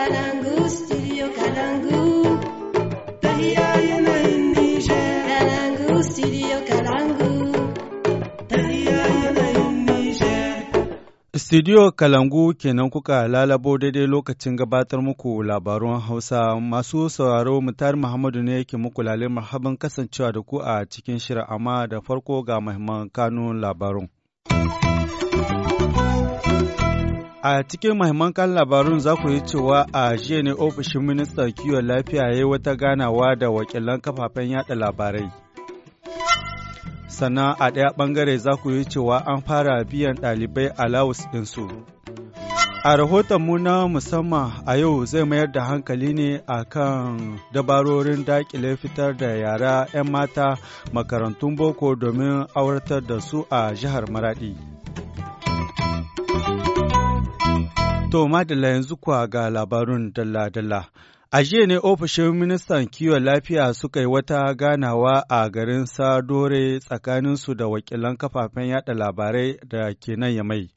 Kalangu, studio Kalangu. Kalangu, kenan kuka lalabo daidai lokacin gabatar muku labarun Hausa masu sauraro mutar Muhammadu ne yake muku lale marhaban kasancewa da ku a cikin shirin amma da farko ga mahimman kanun labarun. A cikin mahimman kan labarun za ku yi cewa a jiya ne ofishin ministan kiwon lafiya ya yi wata ganawa da wakilan kafafen yada labarai. Sannan a ɗaya ɓangare za ku yi cewa an fara biyan ɗalibai alawus ɗinsu. A rahoton mu na musamman a yau zai mayar da hankali ne a kan dabarorin daƙile fitar da yara 'yan mata makarantun boko domin auratar da su a jihar Maraɗi. To, madalla yanzu kuwa ga labarun dalla-dalla. A jiya ne ofishin ministan kiwon lafiya suka yi wata ganawa a garin Sadore tsakaninsu da wakilan kafafen yada labarai da ke nan ya mai.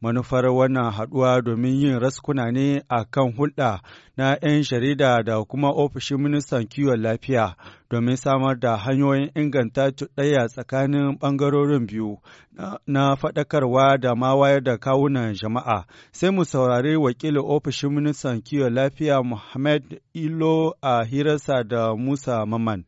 Manufar wannan haɗuwa domin yin raskuna ne a kan hulɗa na 'yan jarida da kuma ofishin ministan kiwon lafiya domin samar da hanyoyin inganta cuɗaya tsakanin ɓangarorin biyu na faɗakarwa da ma wayar da kawunan jama'a. Sai mu saurari wakilin ofishin ministan kiwon lafiya Muhammad Ilo a hirarsa da Musa Maman.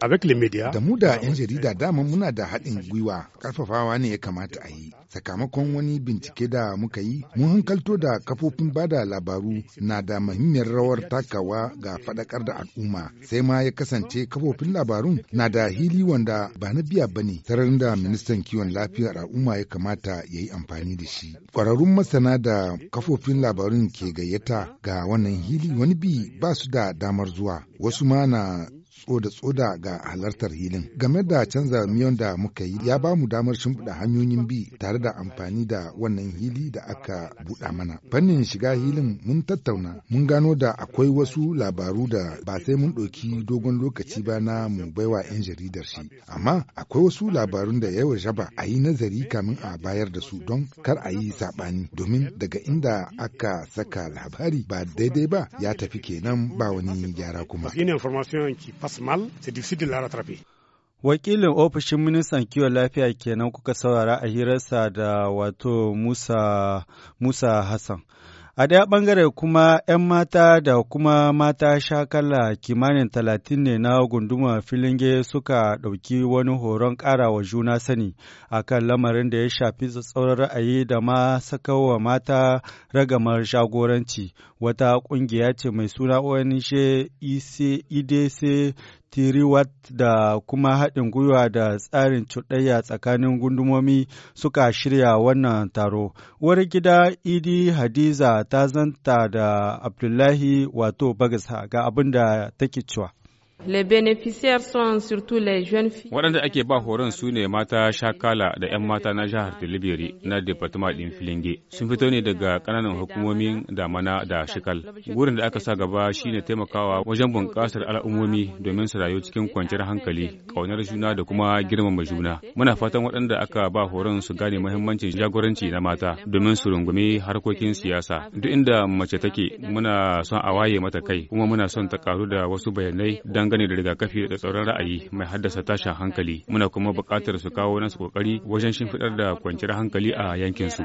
Da mu da 'yan jarida dama muna da haɗin gwiwa ƙarfafawa ne ya kamata a yi. Sakamakon wani bincike da muka yi, mun hankalto da kafofin bada labaru na da muhimmiyar rawar takawa ga faɗakar da al'umma. Sai ma ya kasance kafofin labarun na da hili wanda ba na biya ba ne, sararin da ministan kiwon lafiyar al'umma ya kamata ya yi amfani da shi. Ƙwararrun masana da kafofin labarun ke gayyata ga wannan hili wani bi ba su da damar zuwa, wasu ma na tsoda-tsoda ga halartar hilin. Game da canza miyon da muka yi ya ba mu damar shimfiɗa hanyoyin bi tare da amfani da wannan hili da aka buɗa mana. Fannin shiga hilin mun tattauna mun gano da akwai wasu labaru da ba sai mun ɗauki dogon lokaci ba na mu baiwa 'yan jaridar shi. Amma akwai wasu labarun da yawa shaba a yi nazari kamin a bayar da su don kar a yi saɓani domin daga inda aka saka labari ba daidai ba ya tafi kenan ba wani gyara kuma. passe mal, c'est difficile de la rattraper. Wakilin ofishin ministan kiwon lafiya kenan kuka saurara a hirarsa da wato Musa, Musa Hassan. A ɗaya ɓangare kuma ‘yan mata da kuma mata shakala kimanin talatin ne na gunduma filinge suka ɗauki wani horon ƙarawa juna sani a kan lamarin da ya shafi tsatsauran ra'ayi da ma sakawa mata ragamar jagoranci. Wata ƙungiya ce mai suna ONG IDC e e tiriwat da kuma haɗin gwiwa da tsarin cuɗayya tsakanin gundumomi suka shirya wannan taro. Uwar gida Idi Hadiza ta zanta da Abdullahi wato Bagas ga abin da take cewa. les les sont surtout jeunes Waɗanda ake ba horon su ne mata Shakala da 'yan mata na jihar Tilibiri na Departement ɗin Filinge. Sun fito ne daga ƙananan hukumomin damana da shikal. gurin da aka sa gaba shine taimakawa wajen bunƙasar al'ummomi domin su rayu cikin kwanciyar hankali, ƙaunar juna da kuma girmama juna. Muna fatan waɗanda aka ba horon su gane muhimmancin jagoranci na mata domin su rungumi harkokin siyasa. Duk inda mace take muna son a waye mata kai kuma muna son ta karu da wasu bayanai dan dangane da rigakafi da tsaron ra'ayi mai haddasa tashin hankali muna kuma buƙatar su kawo nasu kokari wajen shimfiɗar da kwanciyar hankali a yankin yankinsu.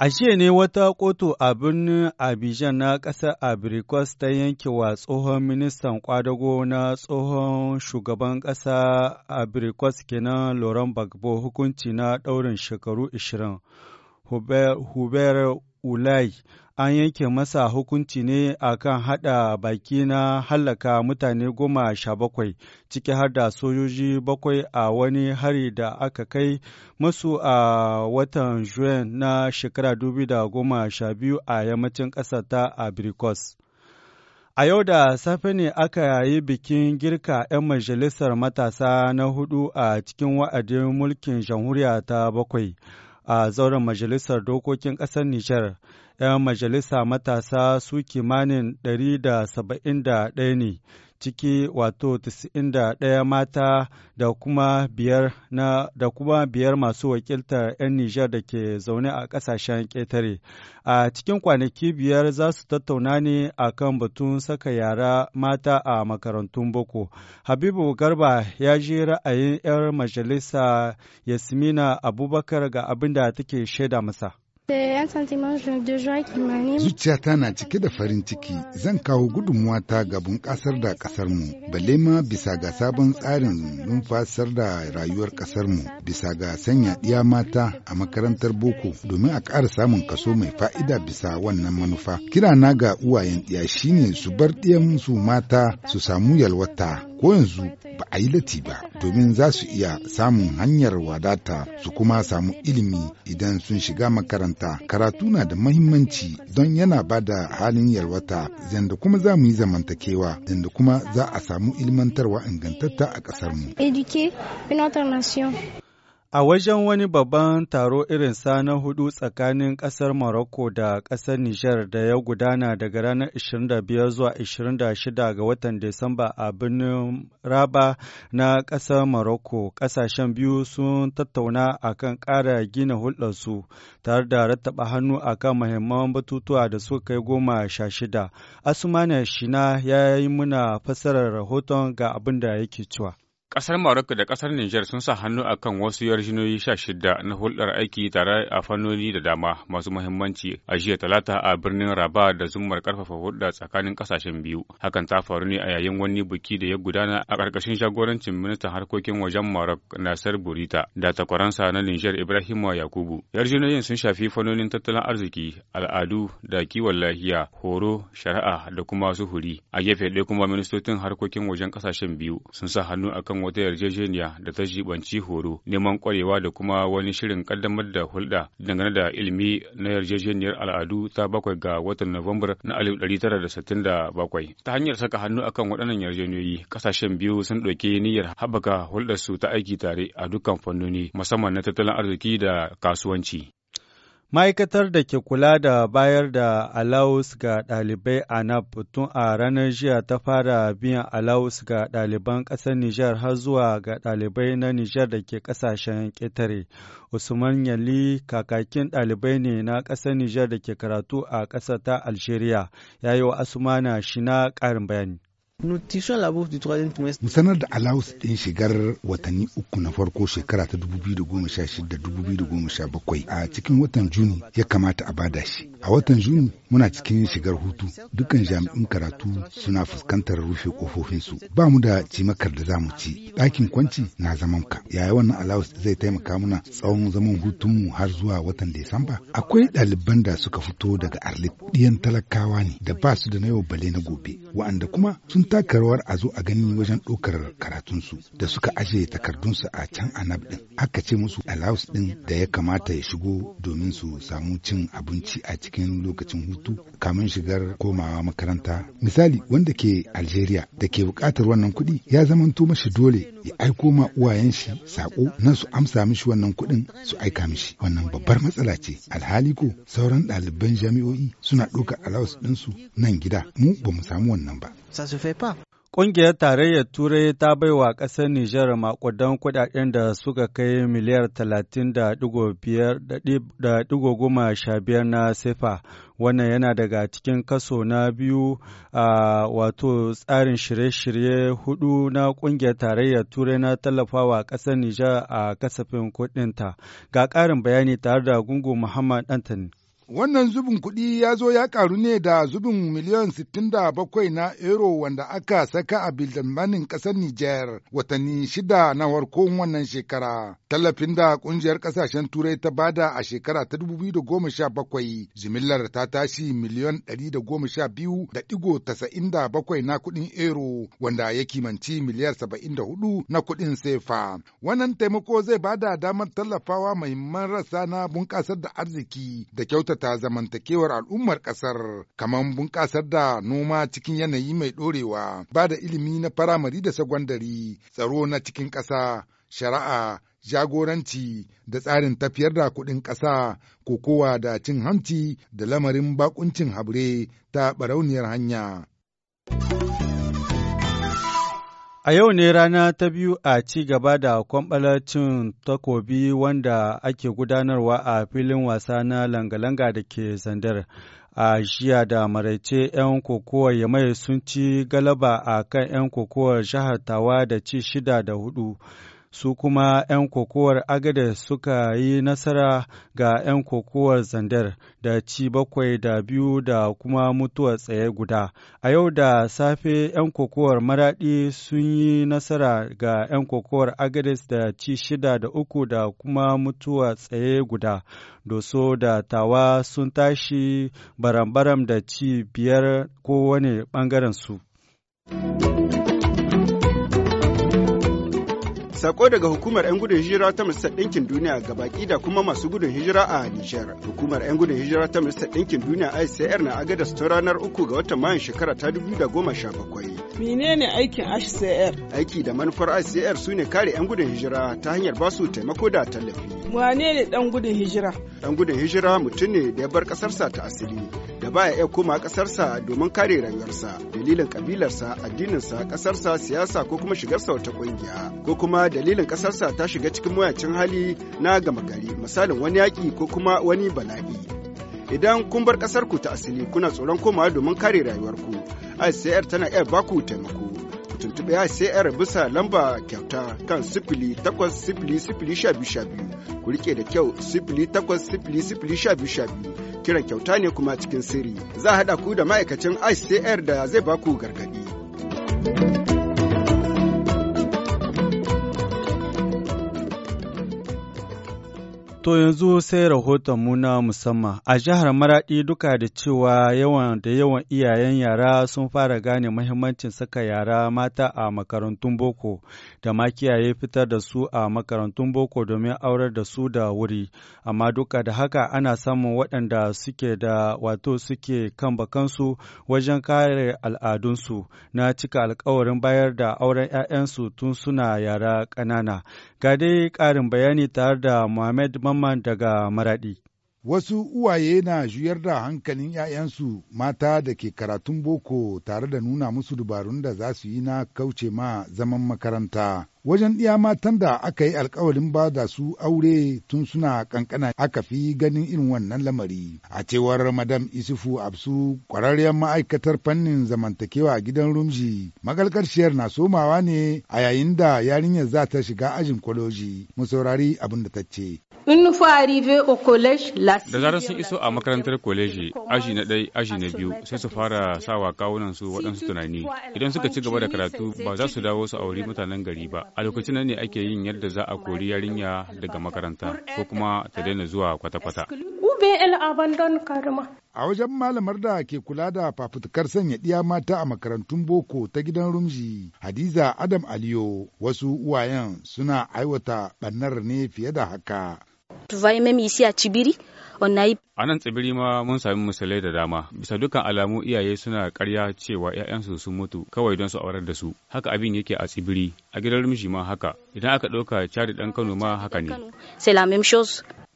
A jiya ne wata kotu a birnin Abidjan na ƙasar Abirikos ta yanke wa tsohon ministan kwadago na tsohon shugaban ƙasa Abirikos kenan Laurent Gbagbo hukunci na ɗaurin shekaru 20. Hubert Ulai an yanke masa hukunci ne a kan haɗa baki na hallaka mutane goma sha bakwai, ciki har da sojoji bakwai a wani hari da aka kai masu a watan Juin na shekara dubi da goma sha biyu a yammacin ƙasa ta abirikos. A yau da safe ne aka yi bikin girka 'yan majalisar matasa na hudu a cikin wa'adin mulkin jamhuriya ta bakwai. a zauren Majalisar Dokokin Ƙasar Nijar, 'yan majalisa matasa su kimanin 171 ne ciki wato 91 mata da kuma biyar na da kuma biyar masu wakiltar 'yan Nijar da ke zaune a ƙasashen ƙetare. A cikin kwanaki biyar za su tattauna ne a kan batun saka yara mata a makarantun boko. Habibu Garba ya ji ra'ayin 'yar majalisa Yasmina Abubakar ga abin da take shaida masa. Eh, Zuciyata na cike da farin ciki zan kawo gudunmuwata ga bunƙasar da ƙasarmu, balle ma bisa ga sabon tsarin numfasar da rayuwar ƙasarmu bisa ga sanya ɗiya mata a makarantar boko domin a ƙara samun kaso mai fa'ida bisa wannan manufa. Kirana ga uwayen ɗiya shine su bar ɗiyan su mata su samu yalwata. ko yanzu ba a yi lati ba domin za su iya samun hanyar wadata su kuma samu ilimi idan sun shiga makaranta karatu na da mahimmanci don yana ba da halin yalwata yadda kuma za mu yi zamantakewa yadda kuma za a samu ilmantarwa ingantatta a ƙasarmu. mu. A wajen wani babban taro irin sa na hudu tsakanin ƙasar Morocco da ƙasar Nijar da ya gudana daga ranar 25 zuwa 26 ga watan Disamba a birnin Raba na ƙasar Morocco, ƙasashen biyu sun tattauna akan ƙara gina hulɗarsu tare da rattaba hannu akan mahimman batutuwa da suka kai goma sha shida. Asumana Shina ya yi muna fassarar rahoton ga abin da yake cewa. Ƙasar Maroko da ƙasar Nijar sun sa hannu a kan wasu yarjinoyi sha shida na hulɗar aiki tare a fannoni da dama masu muhimmanci a jiya talata a birnin Rabat da zumar ƙarfafa hulɗa tsakanin ƙasashen biyu. Hakan ta faru ne a yayin wani biki da ya gudana a ƙarƙashin jagorancin ministan harkokin wajen Marok Nasir Burita da takwaransa na Nijar Ibrahima Yakubu. Yarjinoyin sun shafi fannonin tattalin arziki, al'adu da kiwon lafiya, horo, shari'a da kuma suhuri. A gefe ɗaya kuma ministocin harkokin wajen ƙasashen biyu sun sa hannu akan wata yarjejeniya da ta jibanci horo neman kwarewa da kuma wani shirin kaddamar da hulɗa dangane da ilimi na yarjejeniyar al'adu ta bakwai ga watan Nuwambar na bakwai Ta hanyar saka hannu akan waɗannan yarjejeniyoyi, ƙasashen biyu sun ɗauki niyyar haɓaka hulɗarsu ta aiki tare a dukkan fannoni, musamman na tattalin arziki da kasuwanci. Ma'aikatar da ke kula da bayar da alawus ga ɗalibai a NAP tun a ranar jiya ta fara biyan alawus ga ɗaliban ƙasar Nijar har zuwa ga ɗalibai na Nijar da ke ƙasashen ƙetare. Usman Yali kakakin ɗalibai ne na ƙasar Nijar da ke karatu a ƙasar ta Algeria, ya yi wa Asumana shi na ƙarin bayani. Mu sanar da alawus ɗin shigar watanni uku na farko shekara ta 2016-2017 a cikin watan Juni ya kamata a bada shi. A watan Juni muna cikin shigar hutu dukkan jami'in karatu suna fuskantar rufe kofofinsu. Ba mu da cimakar da za mu ci. Ɗakin kwanci na zaman ka. Yaya wannan alawus zai taimaka mana tsawon zaman hutunmu har zuwa watan Desamba? Akwai ɗaliban da suka fito daga Arlit ɗiyan talakawa ne da ba su da na yau bale na gobe, wa'anda kuma sun taka rawar a zo a gani wajen ɗaukar karatunsu da suka ajiye takardunsu a can anab ɗin. Aka ce musu allowance ɗin da ya kamata ya shigo domin su samu cin abinci a cikin lokacin hutu kamin shigar komawa makaranta. Misali wanda ke Algeria da ke buƙatar wannan kuɗi ya zamanto mashi dole ya aiko ma uwayen shi saƙo nan su amsa mishi wannan kuɗin su aika mishi. Wannan babbar matsala ce. Alhali ko sauran ɗaliban jami'o'i suna ɗaukar allowance ɗinsu nan gida mu ba mu samu wannan ba. ça se fait pas. Ƙungiyar Tarayyar Turai ta bai wa ƙasar Nijar makudan kuɗaɗen da suka kai miliyar talatin da ɗigo goma sha biyar na sefa. Wannan yana daga cikin kaso na biyu a wato tsarin shirye-shirye hudu na ƙungiyar Tarayyar Turai na tallafawa ƙasar Nijar a kasafin kuɗinta. Ga ƙarin bayani tare da Gungu Muhammad anthony. Wannan zubin kuɗi ya zo ya ƙaru ne da zubin miliyan 67 na euro wanda aka saka a bildanmanin ƙasar Nijar watanni shida na warkon wannan shekara. Tallafin da ƙungiyar ƙasashen Turai ta bada a shekara ta 2017 jimillar ta tashi miliyan 112.97 na kuɗin euro wanda ya kimanci miliyar 74 na kuɗin sefa. Wannan taimako zai bada damar tallafawa mahimman rasa na bunƙasar da arziki da kyautata inganta zamantakewar al'ummar ƙasar kamar bunƙasar da noma cikin yanayi mai ɗorewa ba da ilimi na firamare da sagwandari tsaro na cikin ƙasa shari'a jagoranci da tsarin tafiyar da kuɗin ƙasa kokowa da cin hanci da lamarin bakuncin habre ta barauniyar hanya. A yau ne rana ta biyu a ci gaba da kwamɓalacin takobi wanda ake gudanarwa a filin wasa na langalanga da ke zandar. A jiya da maraice 'yan kokowar Yamai sun ci galaba a kan 'yan kokowar jihar da ci shida da hudu. su kuma 'yan kokowar agada suka yi nasara ga 'yan kokowar zandar da ci bakwai da biyu da kuma mutuwa tsaye guda a yau da safe 'yan kokowar maradi sun yi nasara ga 'yan kokowar agades da ci shida da uku da kuma mutuwa tsaye guda doso da tawa sun tashi baram-baram da ci biyar kowane ɓangaren su. Sako daga hukumar 'yan gudun hijira ta Majalisar Ɗinkin Duniya ga baki da kuma masu gudun hijira a Nijar. Hukumar 'yan gudun hijira ta Majalisar Ɗinkin Duniya ICR na su ta ranar uku ga watan Mayun shekara ta 2017. Menene aikin ICR? Aiki da manufar ICR su ne kare 'yan gudun hijira ta hanyar ba su taimako da tallafi. Wane ne ɗan gudun hijira? Ɗan gudun hijira mutum ne da ya bar ƙasarsa ta asali baya iya koma ƙasarsa domin kare rayuwarsa dalilin ƙabilarsa addininsa ƙasarsa siyasa ko kuma shigarsa wata ƙungiya ko kuma dalilin ƙasarsa ta shiga cikin mayacin hali na gama gari misalin wani yaƙi ko kuma wani bala'i idan kun bar ƙasarku ta asali kuna tsoron komawa domin kare rayuwarku ICR tana iya baku taimako ku tuntuɓe ICR bisa lamba kyauta kan sifili takwas sifili sifili sha biyu sha biyu ku riƙe da kyau sifili takwas sifili sifili sha biyu sha biyu Kiran kyauta ne kuma cikin sirri. Za a haɗa ku da ma'aikacin ICR da zai baku gargaɗi. To yanzu sai rahoton mu na musamman a jihar Maraɗi, duka da cewa yawan da yawan iyayen yara sun fara gane mahimmancin saka yara mata a makarantun boko da ma kiyaye fitar da su a makarantun boko domin aurar da su da wuri amma duka da haka ana samun waɗanda suke da wato suke kan bakansu wajen kare al'adunsu na cika alkawarin bayar da auren 'ya'yansu tun suna yara ƙanana ga dai ƙarin bayani tare da Muhammad musamman daga Maraɗi. Wasu uwaye na juyar da hankalin ‘ya'yansu mata da ke karatun boko tare da nuna musu dubarun da za su yi na kauce ma zaman makaranta. Wajen ɗiya matan da aka yi alkawarin ba da su aure tun suna kankana aka fi ganin irin wannan lamari. A cewar Madam Isufu Absu, ƙwararriyar ma'aikatar fannin zamantakewa gidan Rumji, magalkarciyar na somawa ne a yayin da yarinyar za ta shiga ajin kwaloji. Mu saurari abin da ta ce. Da zarar sun iso a makarantar kwaleji, aji na ɗai, aji na biyu, sai su fara sawa kawunan su waɗansu tunani. Idan suka ci gaba da karatu, ba za su dawo su auri mutanen gari ba. A lokacin nan ne ake yin yadda za a kori yarinya daga makaranta, ko kuma ta daina zuwa kwata-kwata. A wajen malamar da ke kula da fafutukar sanya ɗiya mata a makarantun boko ta gidan rumji, Hadiza Adam Aliyo, wasu uwayen suna aiwata ɓannar ne fiye da haka. retrouvailles même A nan tsibiri ma mun sami misalai da dama. Bisa dukkan alamu iyaye suna karya cewa 'ya'yansu sun mutu kawai don su aurar da su. Haka abin yake a tsibiri, a gidan rumshi ma haka. Idan aka ɗauka cari ɗan Kano ma haka ne.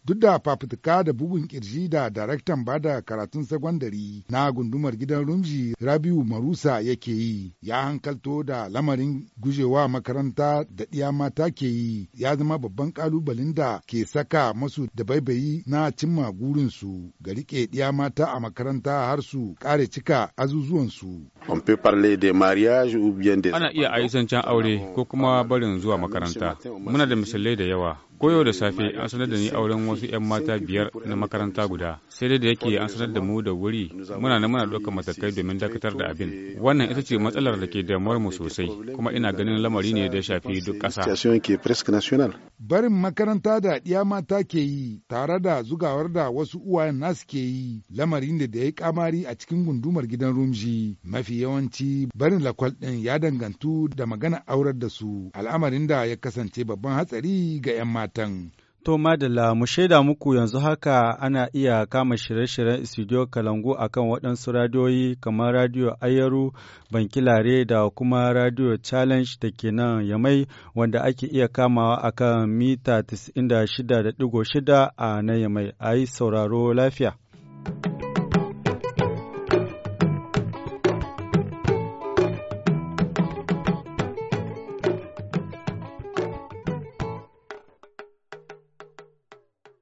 duk da fafutuka da bugun kirji da daraktan bada karatun sagwandari na gundumar gidan rumji rabiu marusa yake yi ya hankalto da lamarin gujewa makaranta da ɗiya mata ke yi ya zama babban kalubalen da ke saka masu dabaibayi na cimma gurinsu ga riƙe ɗiya mata a makaranta har su kare cika azuzuwansu. Ana iya aisancen aure ko kuma barin zuwa makaranta. Muna da misalai da yawa Koyau da safe an sanar da ni auren wasu 'yan mata biyar na makaranta guda, sai dai da yake an sanar da mu da wuri muna na muna ɗaukar matakai domin dakatar da abin. Wannan ita ce matsalar da ke damuwar mu sosai, kuma ina ganin lamari ne da shafi duk ƙasa. Barin makaranta da ɗiya mata ke yi tare da zugawar da wasu uwayen nasu ke yi lamarin da da ya kamari a cikin gundumar gidan Rumji mafi yawanci barin lakwal ɗin ya dangantu da magana aurar da su al'amarin da ya kasance babban hatsari ga 'yan mata. matan. To Madalla, mu shaida muku yanzu haka ana iya kama shirye-shiryen studio Kalangu a kan waɗansu radiyoyi kamar radiyo Ayaru, Bankilare da kuma radio Challenge da ke nan Yamai wanda ake iya kamawa a kan mita 96.6 a na Yamai. A yi sauraro lafiya.